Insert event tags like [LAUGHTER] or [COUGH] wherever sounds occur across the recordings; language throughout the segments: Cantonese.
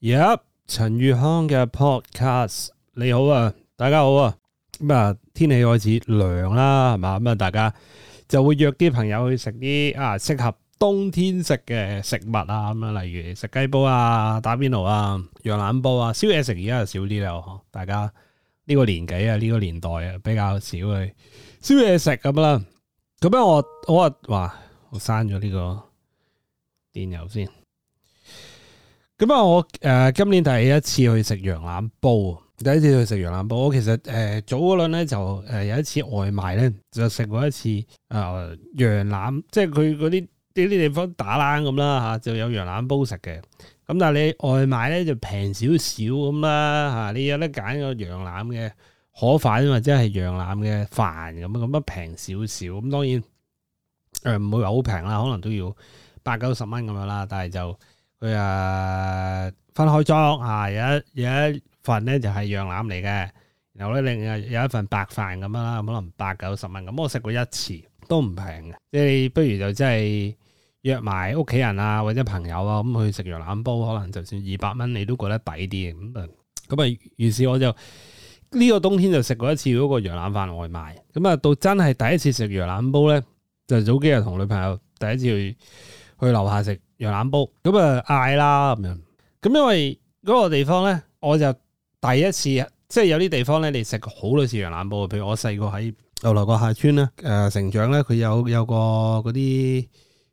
耶！陳宇、yep, 康嘅 podcast，你好啊，大家好啊。咁啊，天氣開始涼啦，係嘛？咁啊，大家就會約啲朋友去食啲啊，適合冬天食嘅食物啊。咁啊，例如食雞煲啊、打邊爐啊、羊腩煲啊，燒嘢食而家就少啲啦。大家呢個年紀啊，呢、這個年代啊，比較少去燒嘢食咁啦。咁樣我我哇，我刪咗呢個電郵先。咁啊，我誒、呃、今年第一次去食羊腩煲啊，第一次去食羊腩煲。我其實誒、呃、早嗰輪咧就誒、呃、有一次外賣咧就食過一次誒、呃、羊腩，即係佢嗰啲呢啲地方打冷咁啦吓，就有羊腩煲食嘅。咁但係你外賣咧就平少少咁啦吓，你有得揀個羊腩嘅河粉或者係羊腩嘅飯咁，咁啊平少少。咁、嗯、當然誒唔、呃、會話好平啦，可能都要八九十蚊咁樣啦，但係就。佢、嗯、啊分開裝有一有一份咧就係、是、羊腩嚟嘅，然後咧另外有一份白飯咁樣啦，可能八九十蚊咁，元我食過一次都唔平嘅，即係不如就真係約埋屋企人啊或者朋友啊咁、嗯、去食羊腩煲，可能就算二百蚊你都覺得抵啲咁啊，咁啊於是我就呢、這個冬天就食過一次嗰個羊腩飯外賣，咁、嗯、啊到真係第一次食羊腩煲咧，就早幾日同女朋友第一次去。去樓下食羊腩煲，咁啊嗌啦咁樣。咁因為嗰個地方咧，我就第一次，即係有啲地方咧，你食過好多次羊腩煲。譬如我細個喺牛麻角下村啦，誒、呃、成長咧，佢有有個嗰啲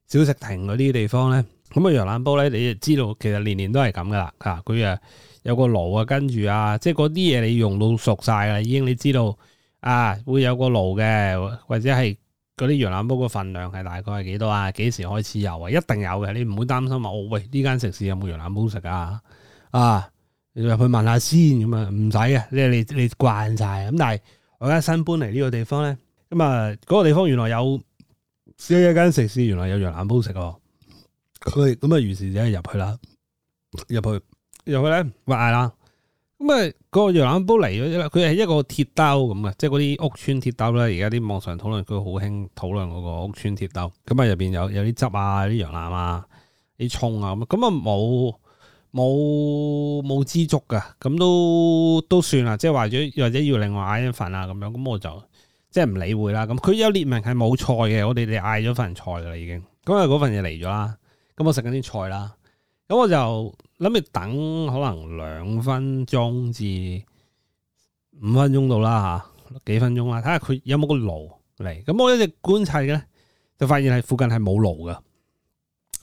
小食亭嗰啲地方咧，咁、那、啊、個、羊腩煲咧，你就知道，其實年年都係咁噶啦。佢啊有個爐啊，跟住啊，即係嗰啲嘢你用到熟晒啦，已經你知道啊，會有個爐嘅，或者係。嗰啲羊腩煲個分量係大概係幾多啊？幾時開始有啊？一定有嘅，你唔好擔心啊！哦，喂，呢間食肆有冇羊腩煲食啊？啊，你入去問下先。咁啊，唔使嘅，你你慣晒咁。但係我而家新搬嚟呢個地方咧，咁啊嗰個地方原來有只 [LAUGHS] 有一間食肆原來有羊腩煲食哦。佢咁啊，於是就入去啦，入去入去咧，喂，嗌啦。咁啊，嗰個羊腩煲嚟咗啦，佢係一個鐵兜咁嘅，即係嗰啲屋村鐵兜啦。而家啲網上討論佢好興討論嗰個屋村鐵兜，咁啊入邊有有啲汁啊、啲羊腩啊、啲葱啊咁，咁啊冇冇冇支竹嘅，咁都都算啦，即係話咗或者要另外嗌一份啊。咁樣，咁我就即係唔理會啦。咁佢有列明係冇菜嘅，我哋哋嗌咗份菜啦已經，咁啊嗰份嘢嚟咗啦，咁我食緊啲菜啦，咁我就。諗住等可能兩分鐘至五分鐘到啦嚇，幾分鐘啦？睇下佢有冇個爐嚟。咁我一直觀察嘅咧，就發現係附近係冇爐嘅。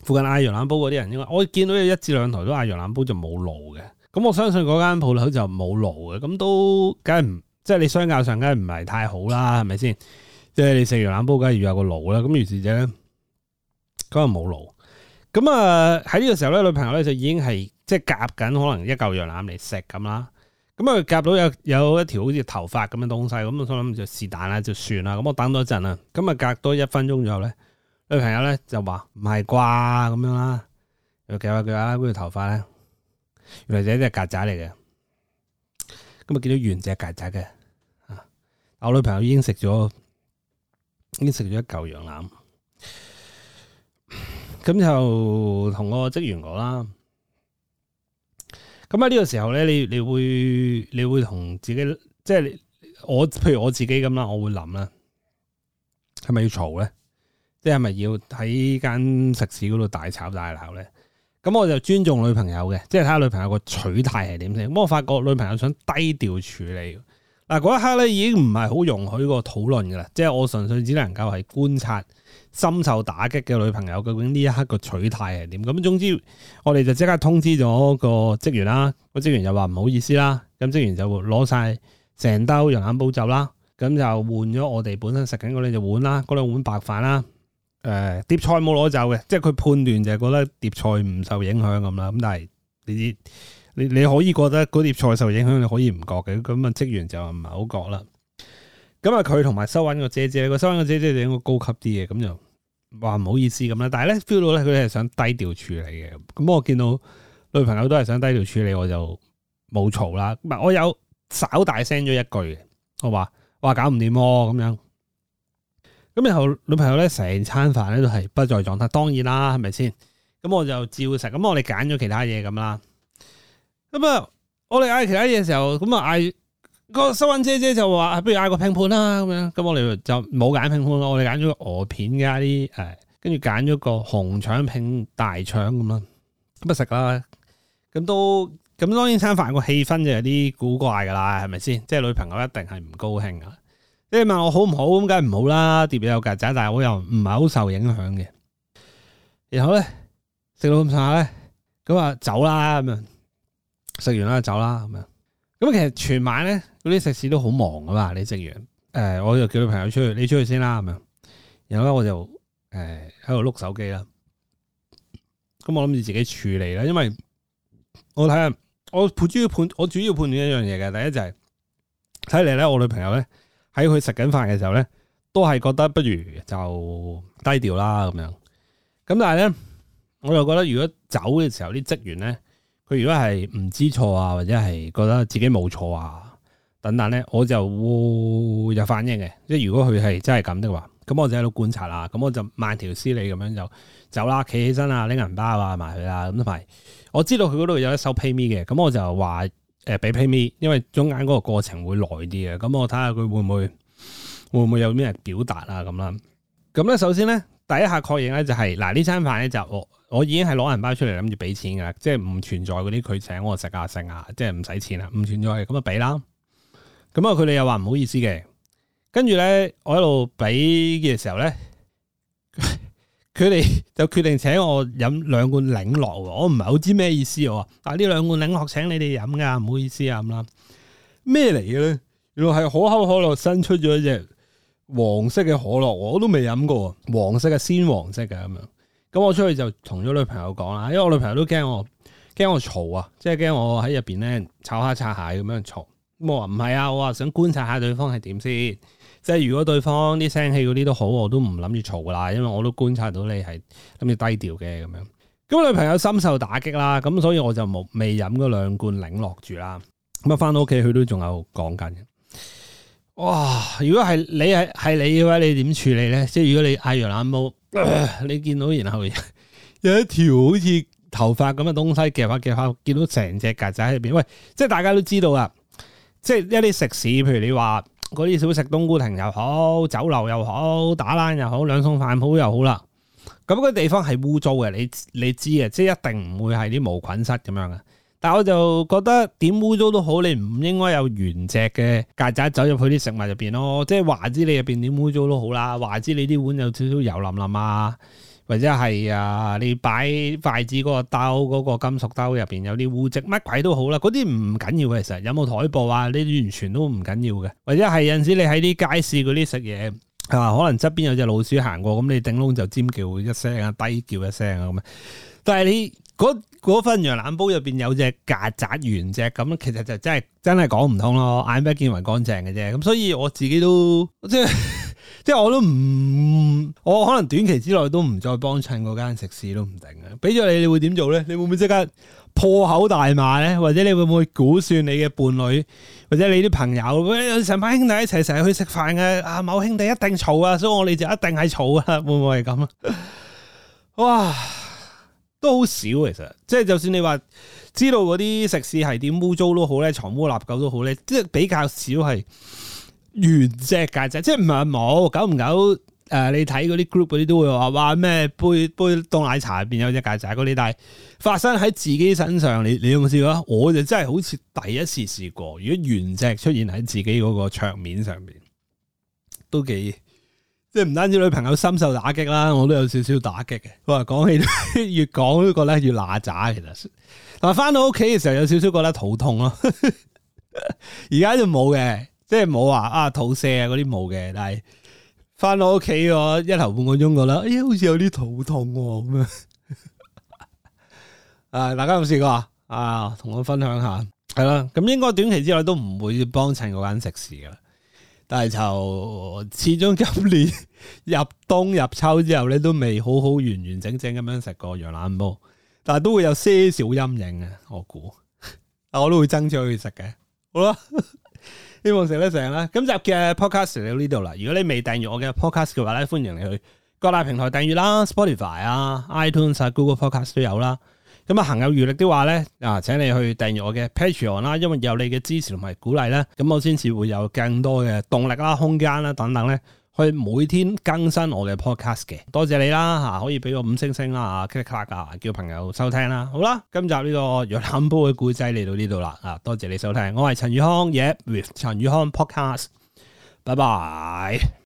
附近嗌羊腩煲嗰啲人應，因為我見到有一至兩台都嗌羊腩煲就冇爐嘅。咁我相信嗰間鋪頭就冇爐嘅。咁都梗係唔，即係你相較上梗係唔係太好啦？係咪先？即係你食羊腩煲梗係要有個爐啦。咁於是者咧，梗係冇爐。咁啊，喺呢個時候咧，女朋友咧就已經係即係夾緊，可能一嚿羊腩嚟食咁啦。咁啊，夾到有有一條好似頭髮咁嘅東西，咁我諗就是但啦，就算啦。咁我等多一陣啊。咁啊，夾多一分鐘之後咧，女朋友咧就話唔係啩咁樣啦。又夾下佢啊，嗰條頭髮咧，原來就係隻曱甴嚟嘅。咁啊，見到原隻曱甴嘅。啊，我女朋友已經食咗，已經食咗一嚿羊腩。咁就同個職員講啦。咁喺呢個時候咧，你你會你會同自己，即係我，譬如我自己咁啦，我會諗啦，係咪要嘈咧？即係咪要喺間食肆嗰度大吵大鬧咧？咁我就尊重女朋友嘅，即係睇下女朋友個取態係點先。咁我發覺女朋友想低調處理。嗱，嗰一刻咧，已經唔係好容許個討論噶啦，即係我純粹只能夠係觀察，深受打擊嘅女朋友究竟呢一刻個取態係點。咁總之，我哋就即刻通知咗個職員啦，個職員就話唔好意思啦，咁職員就攞晒成兜羊腩煲走啦，咁就換咗我哋本身食緊嗰啲碗啦，嗰兩碗白飯啦，誒、呃、碟菜冇攞走嘅，即係佢判斷就係覺得碟菜唔受影響咁啦，咁但係呢啲。你你可以覺得嗰碟菜受影響，你可以唔覺嘅，咁啊職員就唔係好覺啦。咁啊佢同埋收銀個姐姐，個收銀個姐姐就應該高級啲嘅，咁就話唔好意思咁啦。但係咧 feel 到咧，佢係想低調處理嘅。咁我見到女朋友都係想低調處理，我就冇嘈啦。唔係我有稍大聲咗一句，我話，話搞唔掂喎咁樣。咁然後女朋友咧成餐飯咧都係不在狀態。當然啦，係咪先？咁我就照食。咁我哋揀咗其他嘢咁啦。咁啊，我哋嗌其他嘢嘅時候，咁啊嗌個收銀姐姐就話，不如嗌個拼盤啦咁樣。咁我哋就冇揀拼盤咯，我哋揀咗個鵝片加啲誒，跟住揀咗個紅腸拼大腸咁啦，咁食啦。咁都咁當然餐飯個氣氛就有啲古怪噶啦，係咪先？即係女朋友一定係唔高興啊！你問我好唔好咁，梗係唔好啦，碟有曱甴，但係我又唔係好受影響嘅。然後咧食到咁上下咧，咁啊走啦咁樣。食完啦，走啦咁樣。咁其實全晚咧嗰啲食肆都好忙噶嘛。你職員，誒、呃，我就叫女朋友出去，你出去先啦咁樣。然後咧我就誒喺度碌手機啦。咁我諗住自己處理啦，因為我睇下我判主要判我主要判斷一樣嘢嘅，第一就係睇嚟咧，我女朋友咧喺佢食緊飯嘅時候咧，都係覺得不如就低調啦咁樣。咁但係咧，我又覺得如果走嘅時候啲職員咧。佢如果係唔知錯啊，或者係覺得自己冇錯啊，等等咧，我就會有反應嘅。即係如果佢係真係咁的話，咁我就喺度觀察啦。咁我就慢條斯理咁樣就走啦，企起身啊，拎銀包啊，埋佢啊，咁都係。我知道佢嗰度有一首 pay me 嘅，咁我就話誒俾 pay me，因為中間嗰個過程會耐啲嘅。咁我睇下佢會唔會會唔會有咩表達啊咁啦。咁咧，首先咧。第一下確認咧就係嗱，呢餐飯咧就我我已經係攞銀包出嚟諗住俾錢噶，即係唔存在嗰啲佢請我，啊、食嘅性啊，即係唔使錢啊，唔存在咁啊俾啦。咁啊佢哋又話唔好意思嘅，跟住咧我喺度俾嘅時候咧，佢哋就決定請我飲兩罐檸樂喎。我唔係好知咩意思喎。但呢兩罐檸樂請你哋飲噶，唔好意思啊咁啦。咩嚟嘅咧？原來係可口可樂新出咗一隻。黃色嘅可樂，我都未飲過。黃色嘅鮮黃色嘅咁樣，咁我出去就同咗女朋友講啦，因為我女朋友都驚我，驚我嘈啊，即係驚我喺入邊咧炒蝦拆蟹咁樣嘈。我話唔係啊，我話想觀察下對方係點先，即係如果對方啲聲氣嗰啲都好，我都唔諗住嘈啦，因為我都觀察到你係諗住低調嘅咁樣。咁我女朋友深受打擊啦，咁所以我就冇未飲嗰兩罐檸樂住啦。咁啊返到屋企，佢都仲有講緊。哇、哦！如果係你係係你嘅話，你點處理咧？即係如果你嗌羊腩煲，你見到然後有一條好似頭髮咁嘅東西夾發夾發，見到成隻曱甴喺入邊。喂，即係大家都知道啊！即係一啲食肆，譬如你話嗰啲小食冬菇亭又好，酒樓又好，打冷又好，兩餸飯鋪又好啦。咁個地方係污糟嘅，你你知啊！即係一定唔會係啲無菌室咁樣但我就覺得點污糟都好，你唔應該有原隻嘅曱甴走入去啲食物入邊咯。即係話之你入邊點污糟都好啦，話之你啲碗有少少油淋淋啊，或者係啊，你擺筷子嗰個兜嗰個金屬兜入邊有啲污漬，乜鬼都好啦，嗰啲唔緊要嘅，其實。有冇台布啊？呢啲完全都唔緊要嘅。或者係有陣時你喺啲街市嗰啲食嘢啊，可能側邊有隻老鼠行過，咁你頂籠就尖叫一聲啊，低叫一聲啊咁。但係你嗰份羊腩煲入邊有隻曱甴原隻咁，其實就真係真係講唔通咯，眼不見為乾淨嘅啫。咁所以我自己都即係即係我都唔，我可能短期之內都唔再幫襯嗰間食肆都唔定啊。俾咗你，你會點做咧？你會唔會即刻破口大罵咧？或者你會唔會估算你嘅伴侶，或者你啲朋友，成班兄弟一齊成日去食飯嘅，啊某兄弟一定嘈啊，所以我哋就一定係嘈啊，會唔會係咁啊？哇！都好少，其實即係就算你話知道嗰啲食肆係點污糟都好咧，藏污納垢都好咧，即係比較少係原隻曱甴，即係唔係冇，久唔久誒、呃，你睇嗰啲 group 嗰啲都會話話咩杯杯凍奶茶入邊有隻曱甴嗰啲，但係發生喺自己身上，你你有冇試過啊？我就真係好似第一次試過，如果原隻出現喺自己嗰個桌面上面，都幾～即係唔單止女朋友深受打擊啦，我都有少少打擊嘅。佢話講起越講都覺得越乸渣，其實。嗱，翻到屋企嘅時候有少少覺得肚痛咯，而 [LAUGHS] 家就冇嘅，即係冇話啊肚瀉啊嗰啲冇嘅，但係翻到屋企我一頭半個鐘嘅咧，咦、哎，好似有啲肚痛咁啊！ [LAUGHS] 啊，大家有冇試過啊？同我分享下，係啦，咁應該短期之內都唔會幫襯嗰間食肆噶啦。但係就始終今年入冬入秋之後咧，都未好好完完整整咁樣食過羊腩煲，但係都會有些少陰影我估。但我都會爭取去食嘅，好啦，希望食得成啦。今集嘅 podcast 嚟到呢度啦。如果你未訂閱我嘅 podcast 嘅話咧，歡迎你去各大平台訂閱啦，Spotify 啊、iTunes 啊、Google Podcast 都有啦。咁啊，行有餘力的話咧，啊請你去訂閱我嘅 Patreon 啦，因為有你嘅支持同埋鼓勵咧，咁我先至會有更多嘅動力啦、空間啦等等咧，去每天更新我嘅 podcast 嘅。多謝你啦，可以俾個五星星啦 click clack 啊，叫朋友收聽啦。好啦，今集呢個《若林波》嘅故仔嚟到呢度啦，多謝你收聽，我係陳宇康，也、yeah, with 陳宇康 podcast，拜拜。